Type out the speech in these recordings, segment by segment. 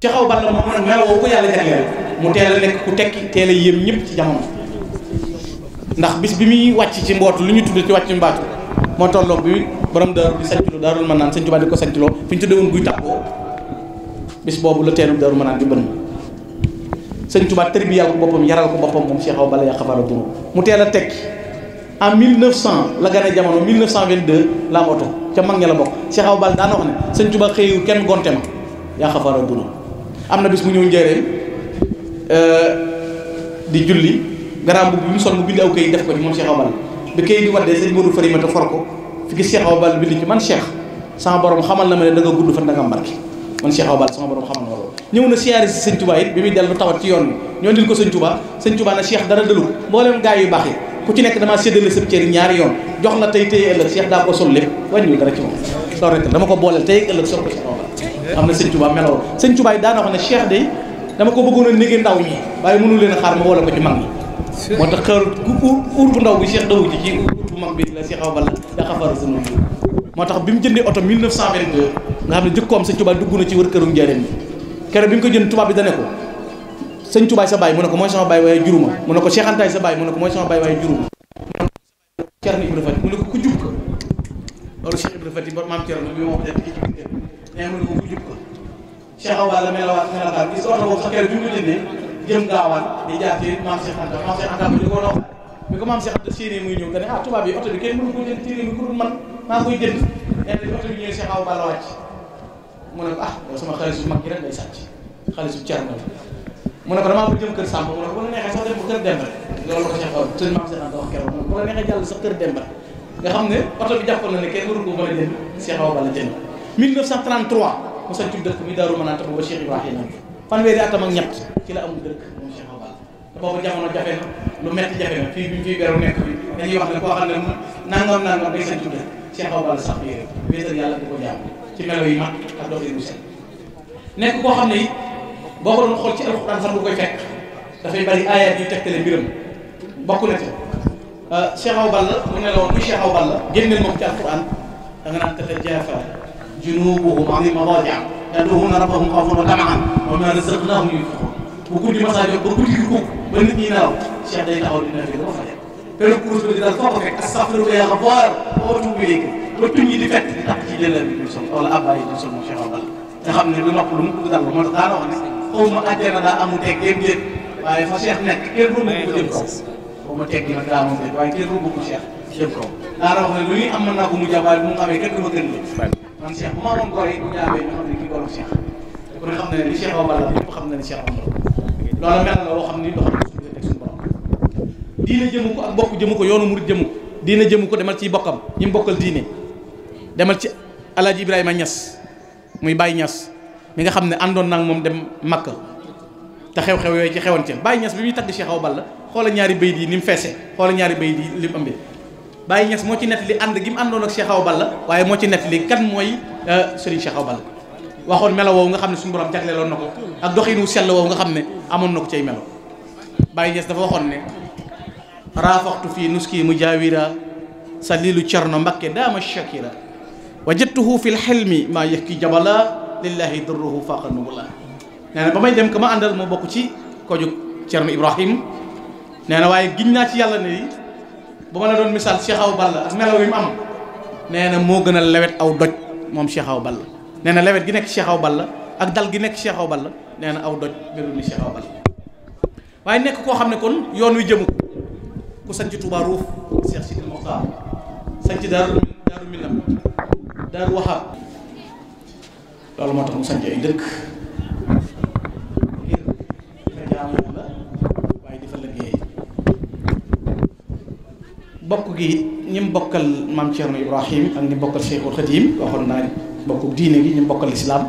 ci xaw balla mo nag melawoo ko yalla jagleel mu teel nek ku tekki teel a ñëpp ci jamono ndax bis bi mi wacc ci mbootu lu ñu tuddu ci wàcc mbaatu mo tolloog bi borom daaru bi sancloo daarul mën naan sëñ Tuubaa di ko sancloo fiñ ñu won guy tàbboo bis bobu la teenu daaru mën naan di bënn sëñ Tuubaa terbi yalla ko bopam yaral ko bopam mom Cheikh Awa ya yàq duru mu teel a tekki en 1900 la gane jamono 1922 la moto ca mag ña la Cheikh awbal da daana wax ne sëñ Tuubaa kenn gontema ya yaa duru am na bis mu ñëw njëriñ euh, di julli garaam bu bi mu sol mu bind aw kayit def ko ci moom Cheikh Awa Balla bi kayit di waddee sëñ Modou Farimata for ko fi gis Cheikh Awa Balla man Cheikh sama borom xamal na ne da nga gudd fan da nga mbarke man Cheikh Awa Balla sama borom xamal na na siyaare si sëñ Touba it bi muy dellu tawat ci yoon ñoo ndil ko sëñ Touba sëñ na Cheikh dara dëlu mboolem gaa yu baax yi ku ci nekk damaa séddale sëb cër ñaari yoon jox la tey tey ëllëg Cheikh daa ko sol lépp wàññiwul dara ci moom loolu rek dama ko booleel tey ëllëg sol ko Cheikh Awa am na sëñ Touba meloon sëñ Touba ne Cheikh day dama ko bëggoon a négee ndaw ñi waaye mënu leen a xaar ma wala ko ci mag ñi moo tax xër uur bu ndaw bi Cheikh dawu ji ci uur bu mag bi la Cheikh Awa Balla da xafaru sunu moo tax bi mu jëndee oto 1922 nga xam ne jëkkoom sëñ Touba dugg na ci wër këru njëriñ bi keroog bi mu ko jënd tubaab bi dane ko sëñ sa baay mu ne ko mooy sama baay waaye juruma mu ne ko Cheikh Antaay sa baay ko mooy sama baay waaye juruma Cheikh ne ko ku jub loolu Cheikh Ibrahima Fati maam Thierno bi moo ko ñaanal ko ku jub ko Cheikh Awa Balla meelawaat si xelal daal gis oto boobu sax keroog bi mu ko jëndee jëm gaawaan di jaar ci bi di ko noo bi ko maam Cheikh Anta séenee muy ñëw dañu ah tubaab yi oto bi kenn mënu jënd ci réew na oto bi ñëwee Cheikh Awa Balla wàcc mu ne ko ah yow sama xaalis bu mag gi rek ngay sàcc xaalis bu cerno mu ne ko damaa ko jëm mu ne ko bu la neexee sax dem ko neexee jàll sax kër Demba nga xam ne oto bi jàpp na ne kenn waru ko mën a jënd Cheikh Balla jënd 1933 mu sañ ci dëkk mi daaru ma naan te booba Cheikh Ibrahima fanweeri atam ak ñett ci la amul dëkk moom Cheikh Abdou te boobu jamono jafe na lu metti jafe na fii bi mu fiy beru nekk bi dañuy wax ne koo xam ne mu nangam nangam day sañ ci dëkk Cheikh Abdou sax yére wéetal yàlla di ko jaam ci melo yi mag ak doxin bu set nekk koo xam ne it doon xool ci alxuraan sax bu koy fekk dafay bari ayat yu tegtale mbiram bokk na ca Cheikh Abdou mu ne la woon Cheikh Abdou ci da nga junubuhum ani madaaji'ihim yad'uuna rabbahum xawfan wa tama'an wa mimmaa razaqnaahum yunfiquun bu guddi masaa jot ba guddi gi kooku ba nit ñi nelaw Cheikh day taxaw dina fi dama fa dem te nag kurus ba di dal foo ko fekk astaghfiruka yaa Ghafaar wa atuubu ilayk ba tuñ ñi di fekk di tax ci jëlal bi duñ sol wala abbaay duñ sol moom Cheikh Abdal nga xam ne lu nopp lu mu ko dal moo tax daana wax ne xaw ma àjjana daa amul teg dem jëm waaye fa Cheikh nekk kenn ruubu ko jëm kaw xaw ma teg gi nag daa moom de waaye kenn ruubu ko Cheikh jëm kaw daana wax ne lu ñuy am mën naa ko mu jàpp waaye bu mu xamee kenn du ma gën ma waroon xam na ne Cheikh loolu mel na loo xam ni loo xam ne suñu diine jëmu ko ak bokk jëmu ko yoonu murid jëmu ko diine jëmu ko demal ci bokkam ñi mu bokkal diine demal ci alaaji Ibrahima ñas muy Baye ñas mi nga xam ne àndoon nag moom dem Makka te xew-xew yooyu ci xewoon ci Baye Niass bi muy tagg Cheikh Awa Balla xoola ñaari bayit yi ni mu feese xoola ñaari bayit yi li mu ëmbee Baye Niass moo ci nettali ànd gi mu àndoon ak Cheikh Awa Balla waaye moo ci kan mooy euh, Serigne Cheikh Awa Balla waxoon melo woowu nga xam ne suñu borom jagleeloon na ko ak doxin wu sell nga xam amon amoon na melo Baye Niass dafa waxoon ne raafaxtu fii nuski mu salilu cerno mbakke daama shakira wajadtuhu fil lxilmi ma yëkki jabala lillahi durruhu faaqa nubula nee na ba may dem kama andal àndal moo ci Ibrahim nee na waaye giñ naa ci ne bu ma la doon misaal Cheikh Awa Balla ak melaw yi mu am nee na moo gën a lewet aw doj moom Cheikh Awa Balla nee na lewet gi nekk seexaw Awa Balla ak dal gi nekk Cheikh Awa Balla nee na aw doj melul ni Cheikh Awa waaye nekk koo xam ne kon yoon wi jëmu ku sanc Touba Ruuf Cheikh Sidil Moxtaar sanc Daaru Daaru Minam Daaru Wahab loolu moo tax mu sanc ay dëkk bokk gi ñi bokkal maam Thierno Ibrahim ak ñi mu bokkal Cheikhul Khadim waxoon naa bokk diine gi ñi mu bokkal lislaam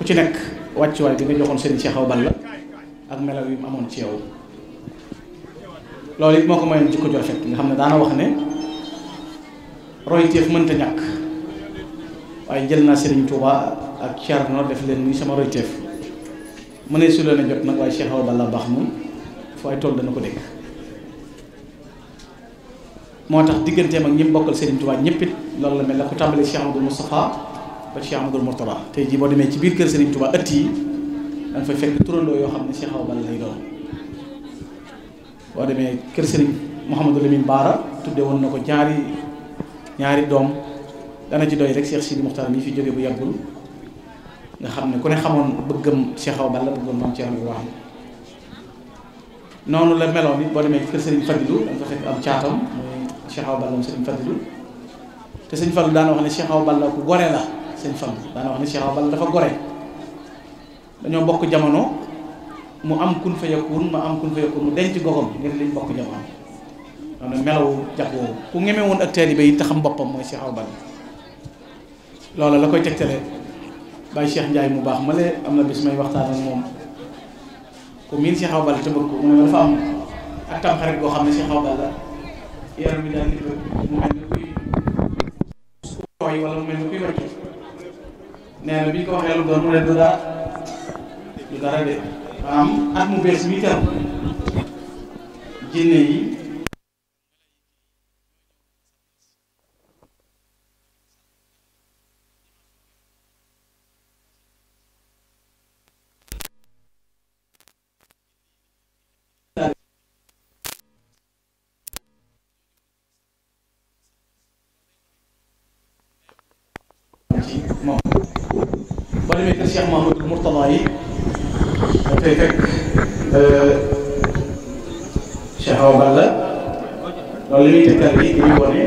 ku ci nekk wàccuwaay bi nga joxoon seen Cheikh Awa Balla ak melaw yi mu amoon ci yow loolu it moo ko mayoon jikko ju rafet nga xam ne daana wax ne royteef mënta ñàkk waaye jël naa Serigne Touba ak Thierno def leen muy sama royteef mu ne su leen a nag waaye Cheikh Awa Balla baax moom fu ay tool dana ko dégg. moo tax digganteem ak ñi mu bokkal Serigne Touba ñëpp it loolu la mel la ko tàmbalee Cheikh Amadou Moustapha ba Cheikh Amadou Mourtada tey jii boo demee ci biir kër Serigne Touba ëtt yi da nga fay fekk turandoo yoo xam ne Cheikh Awa Balla lay doon boo demee kër Serigne Mouhamadou Lamine Baara tudde woon na ko ñaari ñaari doom dana ci doy rek Cheikh Sidi Moukhtar mi fi jóge bu yàggul nga xam ne ku ne xamoon bëggam Cheikh Awa Balla bëggoon moom Cheikh Ibrahim noonu la meloon it boo demee kër Serigne Fadilou da fa fekk am caatam. Cheikh Awa Balla sëriñ Fallou te sëñ Fallou daana wax ne Cheikh Awa la ku gore la sëñ Fallou daana wax ne Cheikh Awa Balla dafa gore dañoo bokk jamono mu am kun fa yakun am kun mu denc gogom ngir liñ bokk jamono maanaam melawu ku ñeme woon ak taalibe yi te xam boppam mooy Cheikh Awa Balla la koy tegtale Baye Cheikh Ndiaye mu baax ma lee am na bis may waxtaan ak moom ko miin Cheikh Awa Balla te bëgg ko mu ne dafa am ak tam xarit xam ne Cheikh Awa Balla yaram bi daal di bëgg mu mel ni kuy tooy mu mel ni kuy wàcce nee na bi ñu ko waxee lu mu ne du dara du dara de maanaam mu bees mi teru jinne yi demee kër Cheikh Mahmoud Mourtala yi dafay fekk Cheikh Awa Balla loolu li muy tegtal bi li muy wane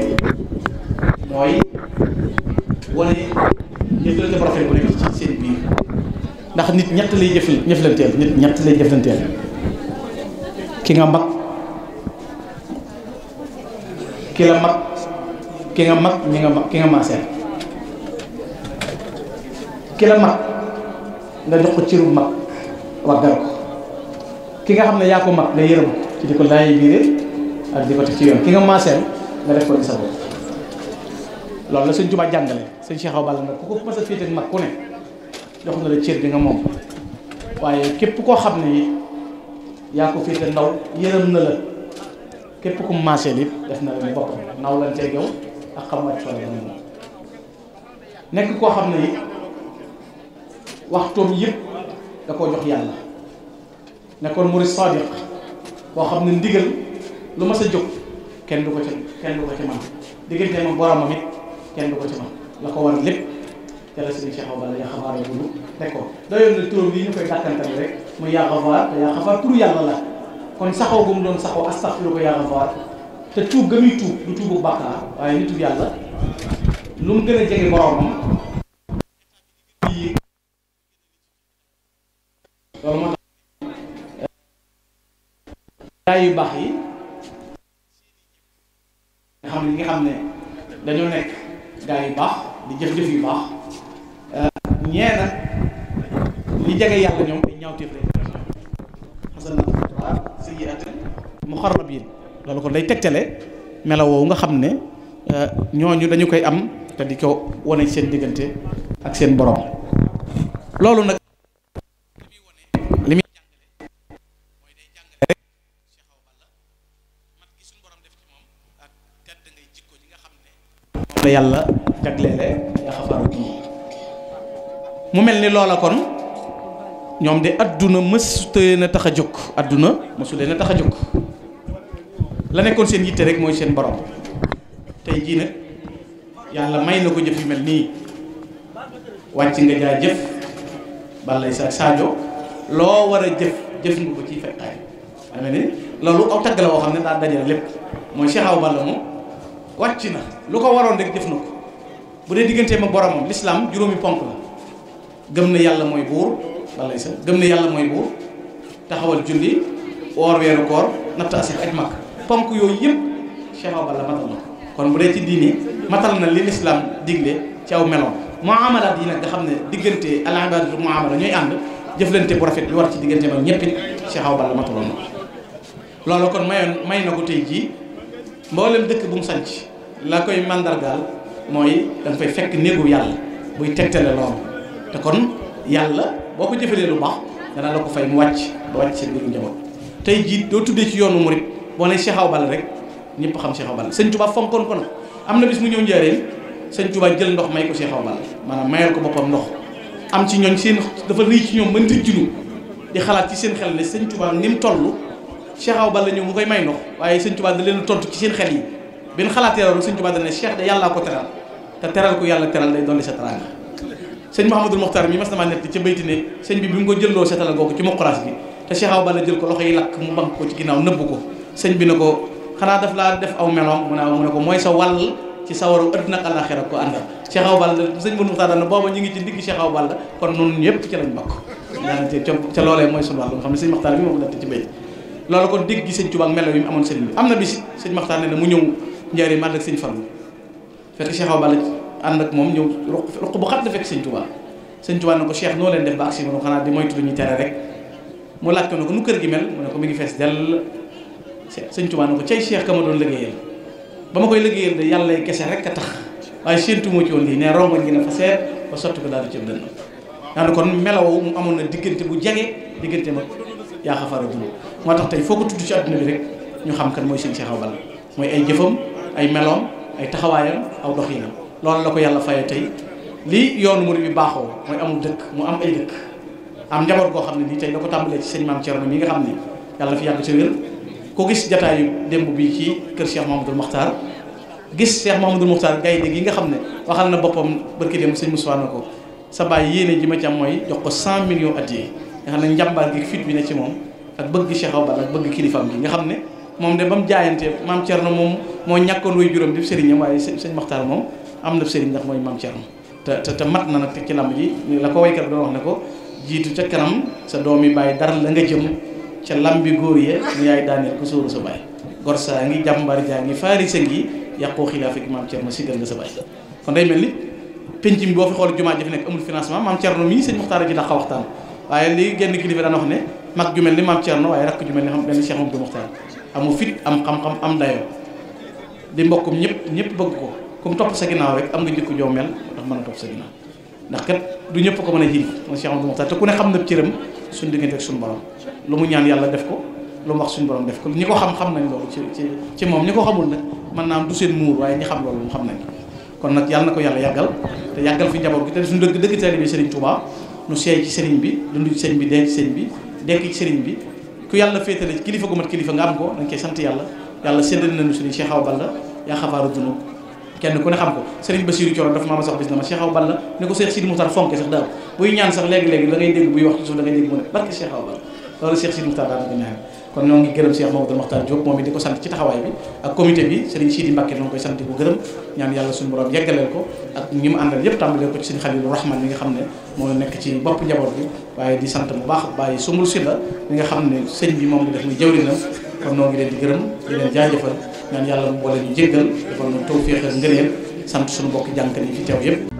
mooy wane jëflante prophète bu nekk nit ñett lay jëf jëflanteel nit ñett lay jëflanteel ki nga mag ki la mag ki nga mag ñi nga mag ki nga ki la mag nga jox ko cëru mag waggal ko ki nga xam ne yaa ko mag nga yërëm ci di ko laay biire ak di ko teg ci yoon ki nga maaseel nga def ko di sa bopp loolu la sëñ Tuubaa jàngale sëñ Cheikh Awa Balla nag ko mës a féete mag ku ne jox na la cër bi nga moom waaye képp koo xam ne it yaa ko féete ndaw yërëm na la képp ku maaseel it def na la mu boppam naw lan ak xam wàcc fa la nekk koo xam ne it wax waxtoom yëpp da koo jox yàlla nekkoon murid sadiq boo xam ne ndigal lu mas a jóg kenn du ko ci kenn du ko ci man diggante moom boromam it kenn du ko ci man la ko war lépp yàlla sëriñ Cheikh Awa Balla yaa xabaar bulu teg ko doyoon na turam yi ñu koy dàkkantal rek muy yaa xabaar te yaa xabaar turu yàlla la kon saxoo gu mu doon saxoo astaxfiru ko yaa xabaar te tuub ga muy tuub du tuubu bàkkaar waaye nitu yàlla lu mu gën a jege boromam gaa yu baax yi nga xam ne ñi nekk gaa yu baax di jëf-jëf yu baax eh, ñee li jege yàlla ñoom dañ ñaawteef lay xasanat sayyi'atan muqarrabin loolu kon day tegtale melaw nga xam ne eh, ñooñu dañu koy am te di ko wane seen diggante ak seen borom loolu nag la yàlla jagleele ya xafaaru gi mu mel ni loola kon ñoom de adduna mësutee na tax a jóg àdduna mësulee na tax a jóg la nekkoon seen yitte rek mooy seen boroom tey jii yàlla may na ko jëf yu mel nii wàcc nga jaa jëf balay sa loo war a jëf jëf nga ko ci fekkaay dama ne loolu aw tagg woo xam ne daa dajale lépp mooy Cheikh Awa moom wàcc na lu ko waroon rek def na ko bu dee digganteem ma boromam l'islam juróomi ponk la gëm na yàlla mooy buur walla sa gëm na yàlla mooy buur taxawal julli woor weeru koor natt asif aj ponk yooyu yëpp Cheikh matal na kon bu dee ci diine matal na li l'islam digle ci aw meloon muamalaat yi nag nga xam ne diggante al ibaadatu muamala ñooy ànd jëflante bu rafet bi war ci diggante Balla na kon mayoon may na ko tey mboolem dëkk bu mu sanc la koy màndargaal mooy da nga fay fekk néegu yàlla buy tegtale loolu te kon yàlla boo ko jëfalee lu baax danaa la ko fay mu wàcc ba wàcc seen biir njaboot tey jii doo tuddee ci yoonu murit boo ne Cheikh Awa Balla rek ñëpp xam see Awa Balla sëñ Touba fonkoon ko am na bis mu ñëw njëriñ sëñ jël ndox may ko Cheikh Awa Balla maanaam mayal ko boppam ndox am ci ñooñ seen dafa rëy ci ñoom mën di di xalaat ci seen xel ne sëñ Touba ni Cheikh Awa Balla ñëw mu koy may ndox waaye Sëñ Tuubaa da leen tontu ci seen xel yi benn xalaatee loolu Sëñ Tuubaa da ne Cheikh de yàllaa ko teral te teral ko yàlla teral day dolli sa teraanga sëñ Mouhamadul Mokhtar mi mas na maa nett ca bayti ne sëñ bi bi mu ko jëlloo seetal googu ci moqalaas bi te Cheikh Awa Balla jël ko loxo yi lakk mu bank ko ci ginnaaw nëbb ko sëñ bi ne ko xanaa daf laa def aw meloom mu ne mu ne ko mooy sa wàll ci sawaru adduna ak àllaaxira ko àndal Cheikh Awa Balla sëñ Mouhamadul Mokhtar daal booba ñu ngi ci ndigg Cheikh Awa Balla kon noonu ñëpp ci lañ bokk daanaka ca loolee mooy sunu wàll nga xam ne sëñ Mokhtar bi moo ko nett ci bayti loolu kon dégg gi sëñ Tuubaa ak melo yi mu amoon sëriñ bi am na bis sëñ Maxtaar ne na mu ñëw ma ànd ak sëñ Fallu fekk Cheikh Awa Balla ànd ak moom ñëw ruq ruq bu xat la fekk sëñ Tuubaa sëñ Tuubaa ne ko Cheikh noo leen def ba ak si moom xanaa di moytu lu ñuy tere rek mu laaj ko ne ko nu kër gi mel mu ne ko mi ngi fees dell sëñ Tuubaa ne ko cay Cheikh ka ma doon liggéeyal ba ma koy liggéeyal de yàlla kese rek a tax waaye séentu moo ci woon lii ne rongoñ gi na fa seet ba sotti ko daal di ci dënn daanu kon melaw mu amoon bu jege diggante mag yaa xafaara dundu moo tax tey foo ko tudd ci àdduna bi rek ñu xam kan mooy sëñ Cheikh Awa Balla mooy ay jëfam ay meloom ay taxawaayam aw doxinam loolu la ko yàlla faye tey li yoonu murid bi baaxoo mooy amul dëkk mu am ay dëkk am njaboot goo xam ne nii tey la ko tàmbalee ci seen maam Thierno mi nga xam ne yàlla fi yàgg ci wér ko gis jataayu démb bi ci kër Cheikh Mamadou Makhtar gis Cheikh Mamadou Makhtar gaynde gi nga xam ne waxal na boppam barki dem sëñ Moussa na ko sa bàyyi yéene ji ma ci mooy jox ko 100 millions at yi nga xamne ne gi fit bi ne ci mom ak bëgg Cheikh Awa ak bëgg kilifaam gi nga xamne ne de ba mu jaayantee maam Thierno moom way juroom di serigne way sëñ makhtar mom am na serigne ndax moy mam Thierno te te mat na nak te ci lamb ji la ko waykat do wax nako jitu jiitu ca kanam sa doomi bay dar la nga jëm ca lambi goor ya ñu yaay daniel ko suru sa bay gor sa ngi jambar jaa ngi ngi yaqo khilaf ak mam Thierno sigal nga sa bay kon day melni pencim bo fi xol juma ji nek amul financement mam mii sëñ makhtar ji waxtan waaye li genn kilifa daan wax ne mag ju mel ni maam Thierno waaye rakk ju mel ni xam benn Cheikh Mamadou Mokhtar amu fit am xam-xam am dayoo ñëpp ñëpp bëgg ko comme topp sa ginnaaw rek am na jikko joo mel ndax mën a ndax kat du ñëpp ko mën a jiri moom Cheikh Mamadou Mokhtar te ku ne xam na cëram suñ diggante ak suñu borom lu mu ñaan yàlla def ko lu mu wax suñu borom def ko ñi ko xam-xam nañ loolu ci ci moom ñi ko xamul nag mën naa am du seen muur waaye ñi xam loolu mu xam nañ kon nag yàlla na ko yàlla yàggal te yàggal fi njaboot gi te suñu dëgg dëgg taalibe bi Serigne Touba nu seey ci sëriñ bi dund ci sëriñ bi dee ci sëriñ bi dekk ci sëriñ bi ku yàlla féetale kilifa gu mat kilifa nga am ko dañ koy sant yàlla yàlla séddale nañu sëriñ Cheikh Awa Balla yaa xafaaru dunub kenn ku ne xam ko sëriñ Basiiru Coro dafa maa ma sax bis na ma Cheikh Awa Balla ne ko Cheikh Sidi Moutar fonke sax daaw buy ñaan sax léegi-léegi da ngay dégg buy wax ci suuf da ngay dégg mu ne barke Cheikh Awa Balla kon ñoo ngi gërëm Cheikh Mamadou Makhtar Diop moom it di ko sant ci taxawaay bi ak comité bi Serigne Sidi Mbacke ñoo ngi koy sant di ko gërëm ñaan yàlla suñu borom yeggaleel ko ak ñi mu àndal yëpp tàmbalee ko ci Serigne Khalilou Rahman mi nga xam ne moo nekk ci bopp njaboot bi waaye di sant bu baax bàyyi sumul si la mi nga xam ne sëñ bi moom la def muy kon noo ngi leen di gërëm di leen jaajëfal ñaan yàlla mu boole ñu jéggal defal ñu tawféex ak ngëneel sant suñu mbokki jànkat yi fi teew yëpp